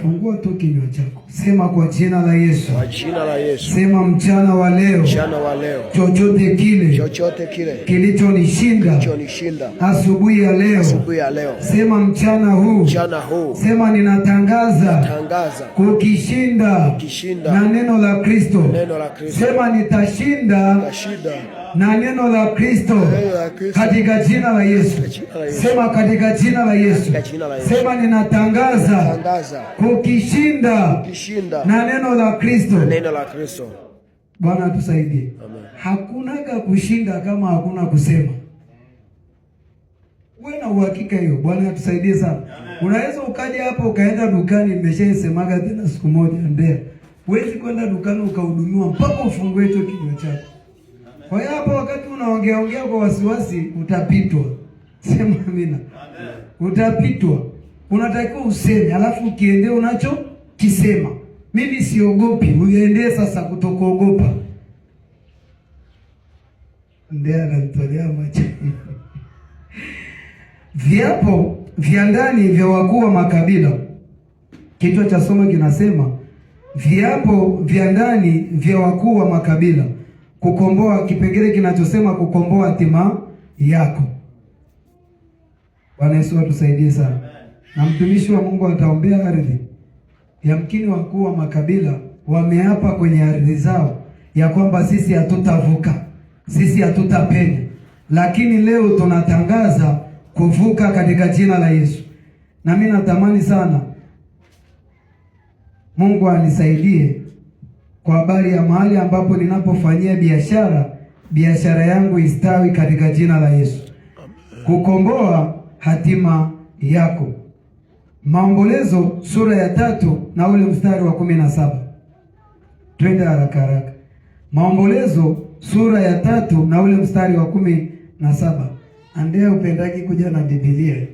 Fungua tu kinywa chako, sema kwa jina la Yesu, kwa jina la Yesu. Sema mchana wa leo, mchana wa leo, chochote kile, chochote kile kilichonishinda, kilichonishinda asubuhi ya leo, asubuhi ya leo, sema mchana huu, mchana huu, sema ninatangaza, ninatangaza kukishinda, kukishinda na neno la Kristo, neno la Kristo, sema nitashinda, nitashinda na neno la Kristo katika jina la Yesu. Sema katika jina la Yesu, sema ninatangaza kukishinda na neno la Kristo. Bwana tusaidie. Hakunaga kushinda kama hakuna kusema. Uwe na uhakika hiyo. Bwana atusaidie sana. Unaweza ukaja hapo ukaenda dukani, nimeshaisemaga tena siku moja, Ndea, huwezi kwenda dukani ukahudumiwa mpaka ufungue hicho kinywa chako. Kwa hiyo hapa wakati unaongea ongea kwa wasiwasi utapitwa. Sema amina. Utapitwa. Unatakiwa useme alafu ukiendea unacho kisema. Mimi siogopi, uendee sasa kutokuogopa. Ndiye anamtolea macho. Viapo vya ndani vya wakuu wa makabila. Kichwa cha somo kinasema viapo vya ndani vya wakuu wa makabila kukomboa, kipengele kinachosema kukomboa hatima yako. Bwana Yesu atusaidie sana, na mtumishi wa Mungu ataombea ardhi. Yamkini wakuu wa makabila wameapa kwenye ardhi zao ya kwamba sisi hatutavuka, sisi hatutapenya, lakini leo tunatangaza kuvuka katika jina la Yesu. Na mimi natamani sana Mungu anisaidie kwa habari ya mahali ambapo ninapofanyia biashara, biashara yangu istawi katika jina la Yesu, kukomboa hatima yako. Maombolezo sura ya tatu na ule mstari wa kumi na saba. Twende haraka haraka. Maombolezo sura ya tatu na ule mstari wa kumi na saba. Andea, upendaki kuja na Biblia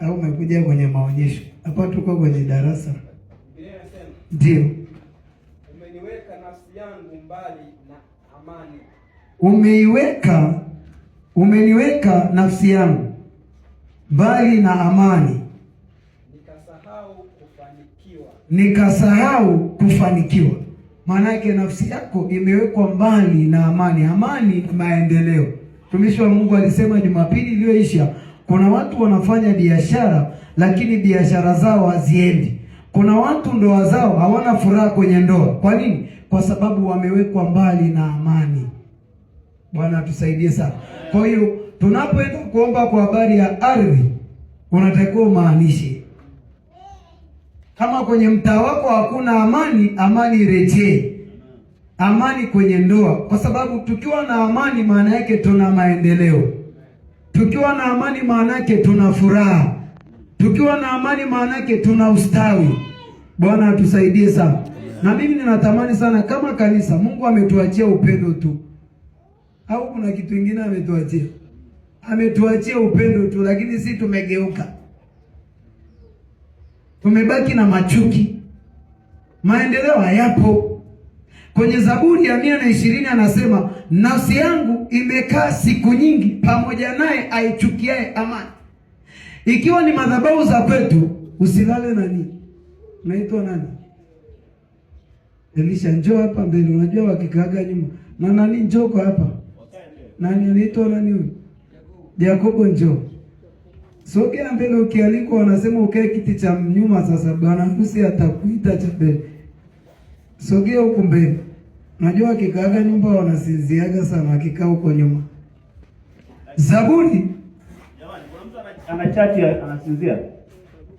au umekuja kwenye maonyesho? Hapa tuko kwenye darasa, ndio mbali na amani. Umeiweka, umeniweka nafsi yangu mbali na amani, nikasahau kufanikiwa, nikasahau kufanikiwa. Maana yake nafsi yako imewekwa mbali na amani. Amani ni maendeleo. Mtumishi wa Mungu alisema Jumapili iliyoisha, kuna watu wanafanya biashara lakini biashara zao haziendi. Kuna watu ndoa zao hawana furaha kwenye ndoa. Kwa nini? kwa sababu wamewekwa mbali na amani. Bwana atusaidie sana. Kwa hiyo tunapoenda kuomba kwa habari ya ardhi, unatakiwa umaanishe. Kama kwenye mtaa wako hakuna amani, amani irejee amani kwenye ndoa, kwa sababu tukiwa na amani maana yake tuna maendeleo. Tukiwa na amani maana yake tuna furaha. Tukiwa na amani maana yake tuna ustawi. Bwana atusaidie sana. Na mimi ninatamani sana kama kanisa, Mungu ametuachia upendo tu, au kuna kitu kingine ametuachia? Ametuachia upendo tu, lakini si tumegeuka, tumebaki na machuki, maendeleo hayapo. Kwenye Zaburi ya mia na ishirini anasema nafsi yangu imekaa siku nyingi pamoja naye aichukiae amani. Ikiwa ni madhabahu za kwetu, usilale nani, naitwa nani Elisha, njoo hapa mbele. Unajua wakikaaga nyuma na nani, njoo kwa hapa. Nani anaitwa nani huyu? Yakobo, njoo sogea mbele. Ukialikwa wanasema ukae kiti cha nyuma. Sasa bwana harusi atakuita cha mbele, sogea huko mbele. Unajua wakikaaga nyumba wanasinziaga sana, wakikaa huko nyuma. Zaburi jamani, kuna mtu anachati anasinzia,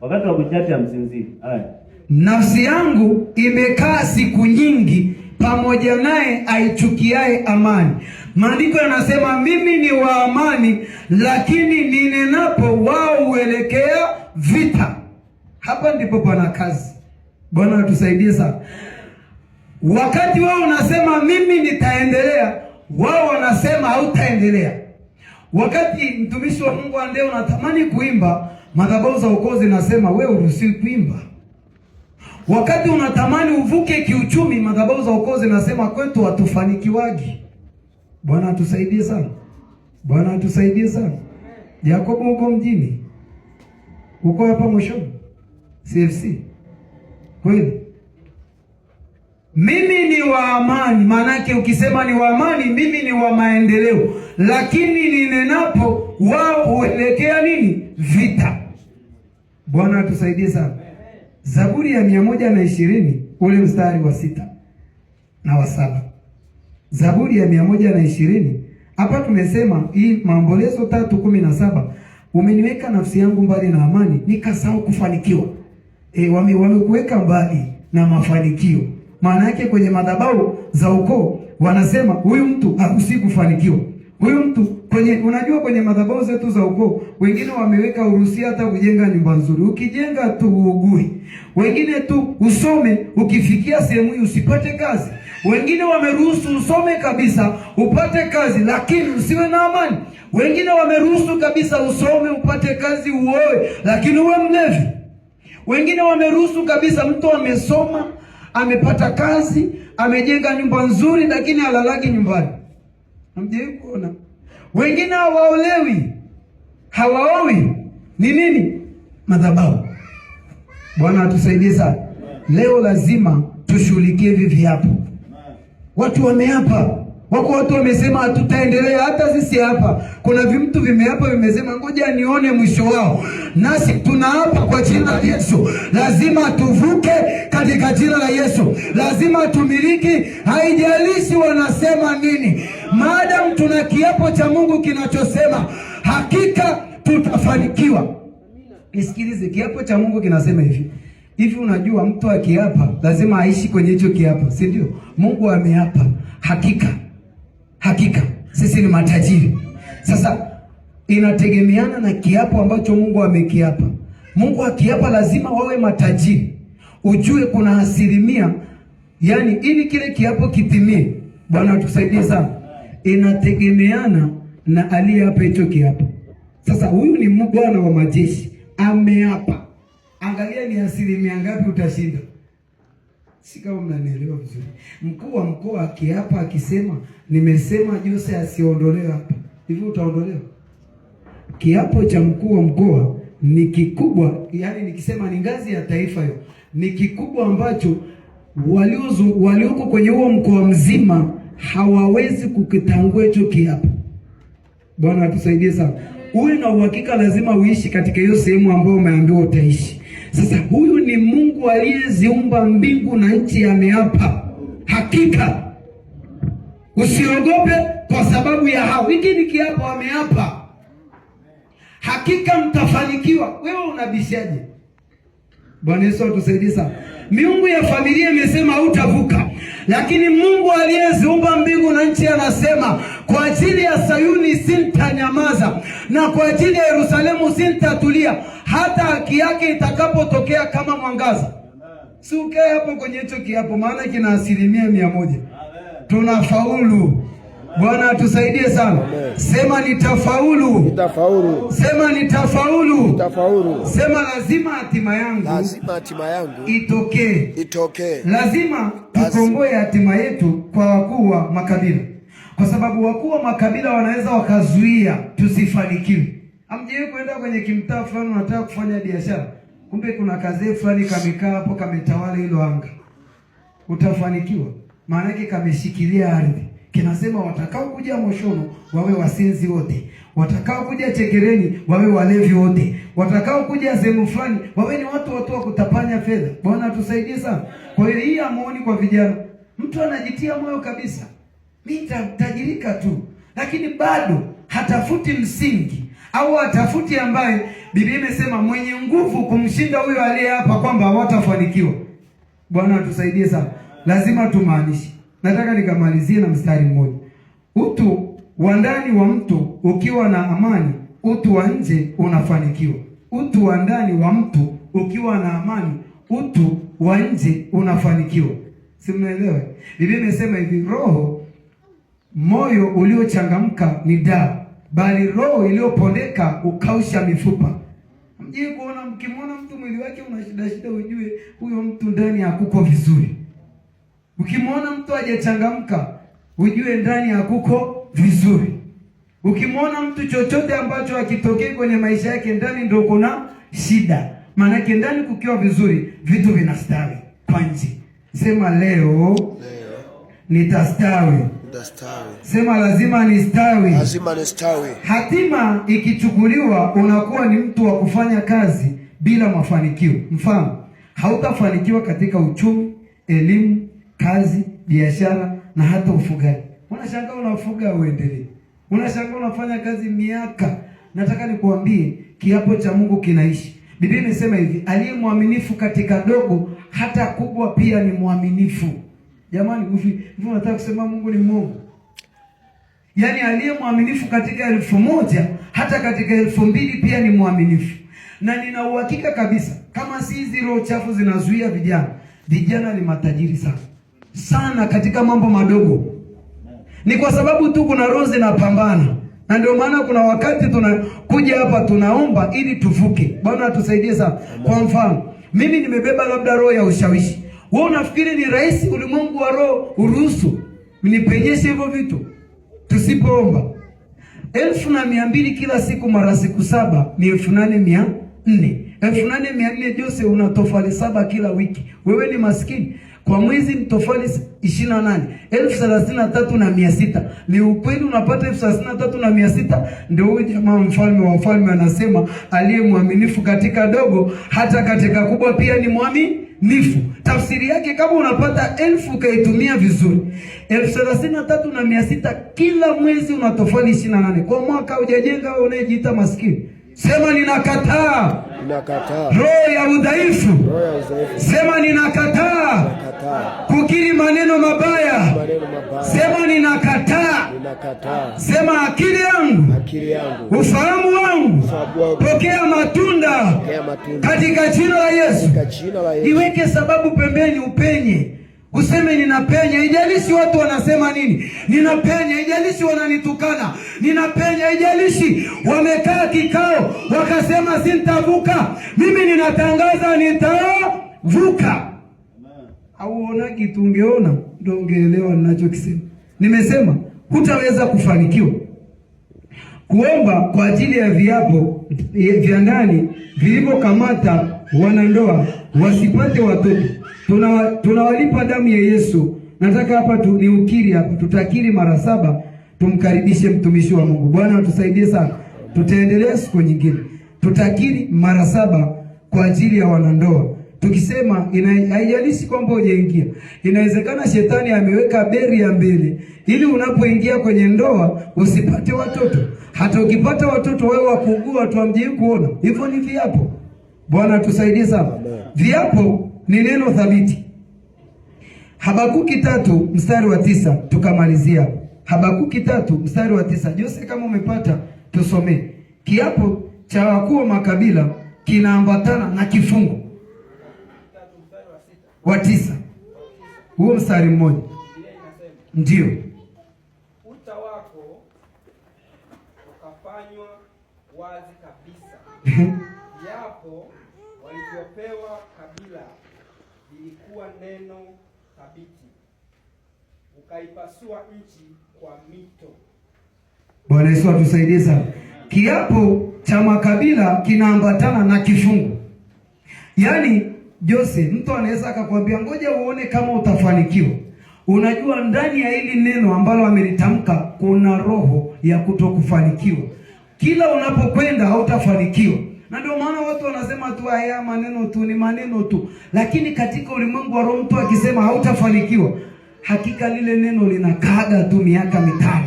wakati wa kuchati amsinzii. Haya nafsi yangu imekaa siku nyingi pamoja naye aichukiaye amani. Maandiko yanasema mimi ni wa amani, lakini ninenapo wao huelekea vita. Hapa ndipo pana kazi. Bwana atusaidie sana. Wakati wao unasema mimi nitaendelea, wao wanasema hautaendelea. Wakati mtumishi wa Mungu andee unatamani kuimba, madhabahu za ukozi nasema wewe uruhusiwi kuimba. Wakati unatamani uvuke kiuchumi, madhabahu za uokozi zinasema kwetu hatufanikiwagi. Bwana atusaidie sana, Bwana atusaidie sana. Yakobo huko mjini, uko hapa mwishoni CFC kweli. Mimi ni wa amani, maanake ukisema ni wa amani, mimi ni wa maendeleo, lakini ninenapo wao huelekea nini? Vita. Bwana atusaidie sana. Zaburi ya mia moja na ishirini ule mstari wa sita na wa saba. Zaburi ya mia moja na ishirini hapa tumesema hii Maombolezo tatu kumi na saba umeniweka nafsi yangu mbali na amani, nikasahau kufanikiwa. E, wame wamekuweka mbali na mafanikio. Maana yake kwenye madhabahu za ukoo wanasema huyu mtu kufanikiwa Huyu mtu kwenye, unajua kwenye madhabahu zetu za ukoo wengine wameweka uruhusi hata kujenga nyumba nzuri. Ukijenga tu uugui, wengine tu usome, ukifikia sehemu hii usipate kazi. Wengine wameruhusu usome kabisa upate kazi, lakini usiwe na amani. Wengine wameruhusu kabisa usome upate kazi, uoe, lakini uwe mlevi. Wengine wameruhusu kabisa, mtu amesoma, amepata kazi, amejenga nyumba nzuri, lakini alalagi nyumbani. Hamjawahi kuona wengine hawaolewi, hawaowi ni nini? Madhabahu. Bwana atusaidie sana. Leo lazima tushughulikie hivi viapo. Watu wameapa Wako watu wamesema hatutaendelea hata sisi hapa. Kuna vimtu vimeapa vimesema ngoja nione mwisho wao. Nasi tunaapa kwa jina la Yesu, lazima tuvuke katika jina la Yesu, lazima tumiliki, haijalishi wanasema nini, maadamu tuna kiapo cha Mungu kinachosema hakika tutafanikiwa. Nisikilize, kiapo cha Mungu kinasema hivi hivi. Unajua mtu akiapa lazima aishi kwenye hicho kiapo, si ndio? Mungu ameapa hakika Hakika sisi ni matajiri. Sasa inategemeana na kiapo ambacho Mungu amekiapa. Mungu akiapa lazima wawe matajiri. Ujue kuna asilimia, yani ili kile kiapo kitimie, Bwana atusaidie sana, inategemeana na aliyeapa hicho kiapo. Sasa huyu ni Bwana wa majeshi ameapa, angalia ni asilimia ngapi utashinda. Si kama mnanielewa vizuri. Mkuu wa mkoa akiapa akisema, nimesema Jose asiondolewe hapa, hivi utaondolewa? Kiapo cha mkuu wa mkoa ni kikubwa, yani nikisema ni ngazi ya taifa, hiyo ni kikubwa ambacho walio walioko kwenye huo mkoa mzima hawawezi kukitangua hicho kiapo. Bwana atusaidie sana, uwe na uhakika, lazima uishi katika hiyo sehemu ambayo umeambiwa utaishi. Sasa huyu ni Mungu aliyeziumba mbingu na nchi, ameapa hakika usiogope kwa sababu ya hao. Hiki ni kiapo, ameapa hakika mtafanikiwa. Wewe unabishaje? Bwana Yesu atusaidie sana. Miungu ya familia imesema hutavuka, lakini Mungu aliyeziumba mbingu na nchi anasema kwa ajili ya Sayuni sintanyamaza, na kwa ajili ya Yerusalemu sintatulia hata haki yake itakapotokea kama mwangaza. Si ukae hapo kwenye hicho kiapo, maana kina asilimia mia moja. Tunafaulu. Bwana atusaidie sana. Sema nitafaulu, nitafaulu. Sema nitafaulu, nitafaulu. Sema lazima hatima yangu, lazima hatima yangu itokee, itokee. Lazima tukomboe hatima yetu kwa wakuu wa makabila kwa sababu wakuu wa makabila wanaweza wakazuia tusifanikiwe. Amjui kwenda kwenye kimtaa fulani, unataka kufanya biashara, kumbe kuna kazee fulani kamekaa hapo, kametawala hilo anga, utafanikiwa? Maana yake kameshikilia ardhi, kinasema watakao kuja Moshono wawe wasinzi wote, watakao kuja Chekereni wawe walevi wote, watakao kuja sehemu fulani wawe ni watu watu wa kutapanya fedha. Bwana atusaidie sana. Kwa hiyo hii amuoni kwa vijana, mtu anajitia moyo kabisa mi nitajirika tu, lakini bado hatafuti msingi au hatafuti ambaye Biblia imesema mwenye nguvu kumshinda huyo aliye hapa kwamba watafanikiwa Bwana atusaidie sana, lazima tumaanishe. Nataka nikamalizie na mstari mmoja, utu wa ndani wa mtu ukiwa na amani, utu wa nje unafanikiwa. Utu wa ndani wa mtu ukiwa na amani, utu wa nje unafanikiwa. Si mnaelewa? Biblia imesema hivi, roho Moyo uliochangamka ni daa, bali roho iliyopondeka ukausha mifupa. Mjie kuona, mkimwona mtu mwili wake una shida shida, ujue huyo mtu ndani hakuko vizuri. Ukimwona mtu hajachangamka, ujue ndani hakuko vizuri. Ukimwona mtu chochote ambacho akitokee kwenye maisha yake, ndani ndio kuna shida. Maanake ndani kukiwa vizuri, vitu vinastawi kwa nje. Sema leo, leo nitastawi. Stawi. Sema lazima ni stawi. Lazima ni stawi. Hatima ikichukuliwa unakuwa ni mtu wa kufanya kazi bila mafanikio. Mfano, hautafanikiwa katika uchumi, elimu, kazi, biashara na hata ufugaji. Unashangaa unafuga uendelee. Unashangaa unafanya kazi miaka. Nataka nikuambie kiapo cha Mungu kinaishi. Biblia inasema hivi, aliye mwaminifu katika dogo hata kubwa pia ni mwaminifu. Jamani, hivyo nataka kusema Mungu ni Mungu. Yaani aliye mwaminifu katika elfu moja hata katika elfu mbili pia ni mwaminifu, na nina uhakika kabisa kama si hizi roho chafu zinazuia vijana, vijana ni matajiri sana sana katika mambo madogo. Ni kwa sababu tu kuna roho zinapambana, na ndio maana kuna wakati tunakuja hapa tunaomba ili tuvuke. Bwana atusaidie sana. Kwa mfano, mimi nimebeba labda roho ya ushawishi wewe unafikiri ni rahisi ulimwengu wa roho uruhusu nipenyeshe hivyo vitu tusipoomba? elfu na mia mbili kila siku mara siku saba ni elfu nane mia nne elfu nane mia nne Jose, una tofali saba kila wiki. Wewe ni maskini kwa mwezi ni tofali ishirini na nane elfu thelathini na tatu na mia sita Ni ukweli unapata elfu thelathini na tatu na mia sita Ndio huyu jamaa mfalme wa wafalme anasema, aliye mwaminifu katika dogo hata katika kubwa pia ni mwami nifu. Tafsiri yake kama unapata elfu ukaitumia vizuri, elfu thelathini na tatu na mia sita kila mwezi unatofali ishirini na nane kwa mwaka. Hujajenga wewe unayejiita maskini, sema ninakataa. Ninakataa roho ya udhaifu, sema ninakataa kukiri maneno mabaya mabaya. Sema ninakataa. Sema akili yangu, ufahamu wangu, pokea matunda katika jina la Yesu. Niweke sababu pembeni, upenye Useme ninapenya, ijalishi watu wanasema nini. Ninapenya, ijalishi wananitukana. Ninapenya, ijalishi wamekaa kikao wakasema sintavuka. Mimi ninatangaza nitavuka hauona kitu, ungeona ndio ungeelewa ninachokisema. Nimesema hutaweza kufanikiwa kuomba kwa ajili ya viapo eh, vya ndani vilivyokamata wanandoa wasipate watoto. Tuna, tunawalipa damu ya Yesu. Nataka hapa tu, ni ukiri hapa, tutakiri mara saba, tumkaribishe mtumishi wa Mungu. Bwana atusaidie sana, tutaendelea siku nyingine, tutakiri mara saba kwa ajili ya wanandoa. Tukisema haijalishi kwamba hujaingia, inawezekana shetani ameweka beri ya mbele ili unapoingia kwenye ndoa usipate watoto. Hata ukipata watoto wewe wakuugua, watu hamjui kuona. Hivyo ni viapo. Bwana tusaidie sana. Viapo ni neno thabiti. Habakuki tatu mstari wa tisa tukamalizia. Habakuki tatu mstari wa tisa Jose, kama umepata tusomee. Kiapo cha wakuu wa makabila kinaambatana na kifungo wa tisa, huo mstari mmoja ndio uta wako ukafanywa wazi kabisa, yapo walivyopewa kabila lilikuwa neno thabiti, ukaipasua nchi kwa mito. Bwana Yesu atusaidie sana. Kiapo cha makabila kinaambatana na kifungu, yaani Jose, mtu anaweza akakwambia ngoja uone kama utafanikiwa. Unajua, ndani ya hili neno ambalo amelitamka kuna roho ya kutokufanikiwa. Kila unapokwenda hautafanikiwa, na ndio maana watu wanasema tu haya maneno tu ni maneno tu, lakini katika ulimwengu wa roho mtu akisema hautafanikiwa, hakika lile neno linakaaga tu miaka mitano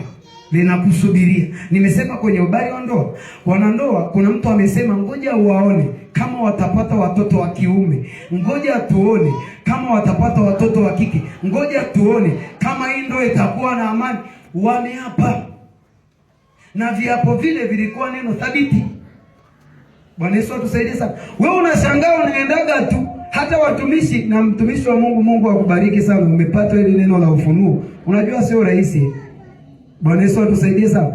linakusubiria. Nimesema kwenye ubari wa ndoa, wanandoa, kuna mtu amesema ngoja uwaone kama watapata watoto wa kiume, ngoja tuone kama watapata watoto wa kike, ngoja tuone kama hii ndoa itakuwa na amani. Wameapa na viapo vile vilikuwa neno thabiti. Bwana Yesu atusaidie sana. Wewe unashangaa unaendaga tu hata watumishi na mtumishi wa Mungu, Mungu akubariki sana, umepata hili neno la ufunuo. Unajua sio rahisi. Bwana Yesu atusaidie sana.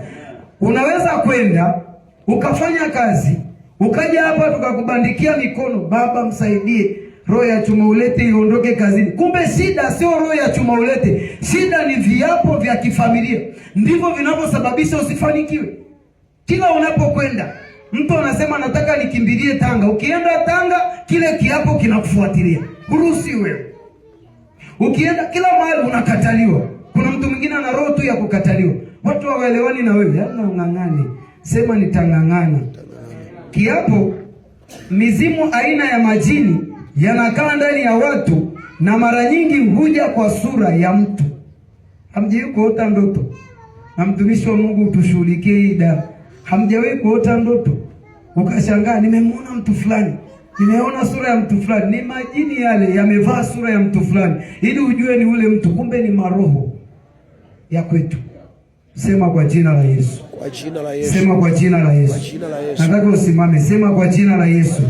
Unaweza kwenda ukafanya kazi ukaja hapa tukakubandikia mikono, baba msaidie, roho ya chuma ulete iondoke kazini. Kumbe shida sio roho ya chuma ulete, shida ni viapo vya kifamilia, ndivyo vinavyosababisha usifanikiwe. Kila unapokwenda mtu anasema nataka nikimbilie Tanga. Ukienda Tanga, kile kiapo kinakufuatilia, huruhusi wewe. Ukienda kila mahali unakataliwa. Kuna mtu mwingine ana roho tu ya kukataliwa, watu hawaelewani na wewe, yaani ung'ang'ane, sema nitang'ang'ana kiapo, mizimu aina ya majini yanakaa ndani ya watu na mara nyingi huja kwa sura ya mtu. Hamjawahi kuota ndoto? Na mtumishi wa Mungu utushughulikie hii da. Hamjawahi kuota ndoto ukashangaa, nimemwona mtu fulani, nimeona sura ya mtu fulani? Ni majini yale yamevaa sura ya mtu fulani, ili ujue ni ule mtu, kumbe ni maroho ya kwetu. Sema kwa jina la Yesu. Sema kwa jina la Yesu. Nataka usimame, sema kwa jina la Yesu.